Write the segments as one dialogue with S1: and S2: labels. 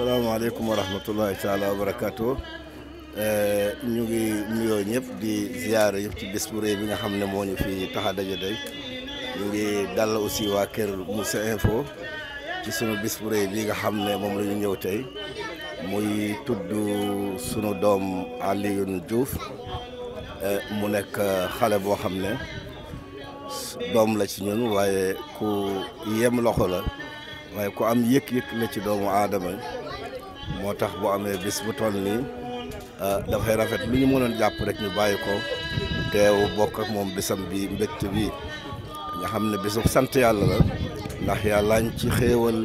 S1: salaamaaleykum wa rahmatullahi taala wa barakaatu eh, ñu ngi muyoo ñëpp di ziyaara yëpp ci bés bu rëy bi nga xam ne moo ñu fi tax a daje day ngi dal aussi waa kër Moussa Info ci sunu bés bu rëy nga xam ne moom la ñu ñëw tey muy tudd sunu doom Alioune Diouf eh, mu nekk xale boo xam ne doom la ci ñun waaye ku yem loxo la waaye ku am yëg-yëg la ci doomu aadama moo tax bu amee bis bu toll nii ah, dafay rafet lu ñu mënoon jàpp rek ñu bàyyi ko teew bokk ak moom bisam bi mbégte bi nga xam ne bisu sant yàlla la ndax yàllaañ ci xéewal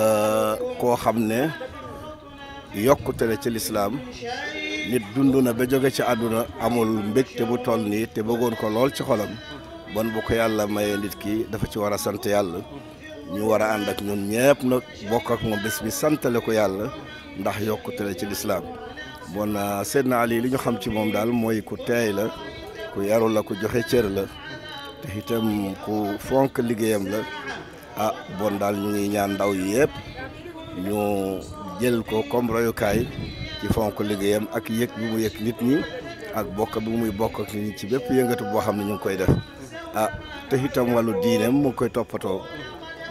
S1: ah, koo xam ne yokkute la ci lislaam nit dund na ba jóge ci àdduna amul mbégte bu toll nii te bëggoon ko lool ci xolam bon bu ko yàlla mayee nit ki dafa ci war a sant yàlla ñu war a ànd ak ñoom ñëpp na bokk ak moom bés bi santale ko yàlla ndax yokkute la ci lislaam bon Seydina Ali li ñu xam ci moom daal mooy ku teey la ku yaru la ku joxe cër la te itam ku fonk liggéeyam la ah bon daal ñu ngi ñaan ndaw yëpp ñu jël ko comme royukaay ci fonk liggéeyam ak yëg bi mu yëg nit ñi ak bokk bi muy bokk ak nit ci bépp yëngatu boo xam ne ñu ngi koy def ah te itam diineem mu koy toppatoo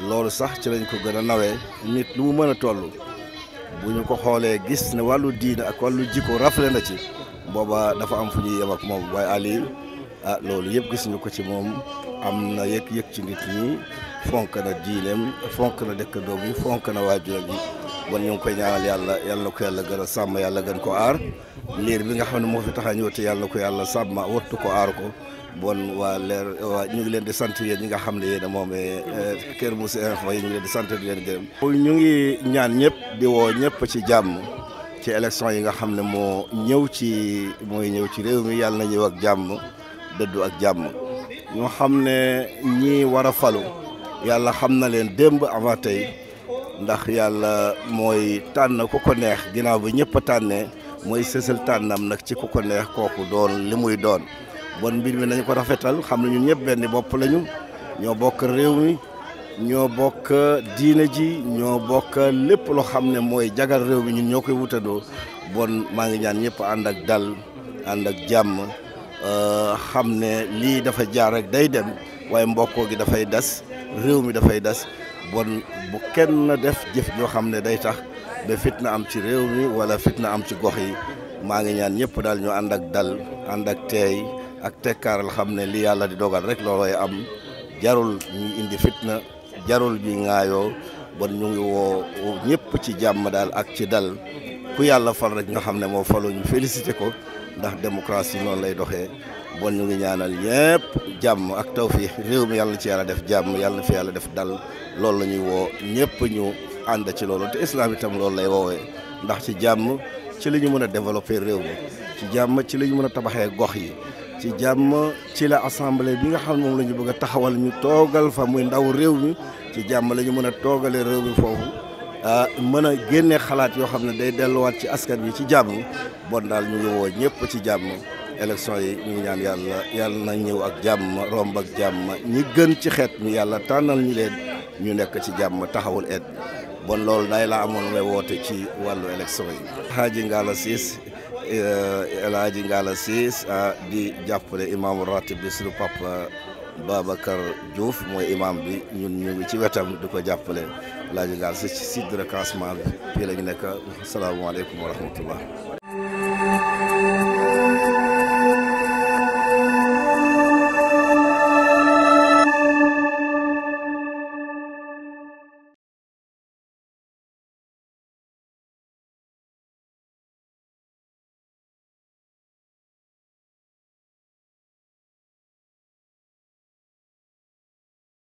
S1: loolu sax ci lañ ko gën a nawee nit lu mu mën a toll bu ñu ko xoolee gis ne wàllu diine ak wàllu jikko rafle na ci booba dafa am fu ñuy yem ak moom waaye Aliou ah loolu yëpp gis ñu ko ci moom am na yëg-yëg ci nit ñi fonk na diineem fonk na dëkkandoom yi fonk na waajuram yi bon ñu ngi koy ñaanal yàlla yàlla na ko yàlla gën a sàmm yàlla gën ko aar liir bi nga xam ne moo fi tax a ñëw te yàlla na ko yàlla sàmm wattu ko aar ko bon waa leer waa ñu ngi leen di sant yéen ñi nga xam ne yéen a moomee eh, eh, Kër Moussa Info yi ñu ngi di sant di leen gërëm. ñu ñaan ñëpp di woo ñëpp ci jàmm ci élection yi nga xam ne moo ñëw ci mooy ñëw ci réew mi yàlla na ñëw ak jàmm dëddu ak jàmm ñu xam ne ñii war a falu yàlla xam na leen démb avant tey. ndax yàlla mooy tànn ku ko neex ginnaaw bi ñëpp a tànnee mooy sësal tànnam nag ci ku ko neex kooku doon li muy doon bon mbir mi nañu ko rafetal xam ne ñun ñëpp benn bopp lañu ñoo bokk réew mi ñoo bokk diine ji ñoo bokk lépp loo xam ne mooy jagal réew mi ñun ñoo koy wutadoo bon maa ngi ñaan ñëpp ànd ak dal ànd ak jàmm Euh, xam ne lii dafa jaar rek day dem waaye mbokkoo gi dafay des réew mi dafay des bon bu kenn def jëf joo xam ne day tax ba fitna am ci réew mi wala fitna am ci gox yi maa ngi ñaan ñëpp daal ñu ànd ak dal ànd ak teey ak tekkaaral xam ne li yàlla di dogal rek loolooy am jarul ñuy indi fitna jarul ñuy ŋaayoo bon ñu ngi woo ñëpp ci jàmm daal ak ci dal ku yàlla fal rek nga xam ne moom faloo ñu félicité ko ndax démocratie noonu lay doxee bon ñu ngi ñaanal ñëpp jàmm ak taw fii réew mi yàlla ci yàlla def jàmm yàlla na fi yàlla def dal loolu la ñuy woo ñëpp ñu ànd ci loolu te islaam itam loolu lay woowe ndax ci jàmm ci la ñu mën a développé réew mi ci jàmm ci la ñu mën a tabaxee gox yi ci jàmm ci la assemblée bi nga xam ne moom la ñu bëgg a taxawal ñu toogal fa muy ndaw réew mi ci jàmm la ñu mën a toogalee réew mi foofu Euh, mën a génne xalaat yoo xam ne day delluwaat ci askan bi ci jàmm bon daal ñu woo ñëpp ci jàmm élection yi ñu ngi ñaan yàlla yàlla na ñëw ak jàmm romb ak jàmm ñi gën ci xeet mi yàlla tànnal ñu leen ñu nekk ci jàmm taxawul eet bon loolu day la amoon may woote ci wàllu élection yi Hadji Ngalla Ciss El euh, Hadji Ngalla Ciss ah, di jàppale imaamu ratib bi suñu papa Babacar Diouf mooy imaam bi ñun ñu ngi ci wetam di ko jàppale laaji gaal si site de recensement bi fii la ñu nekk asalaamaaleykum wa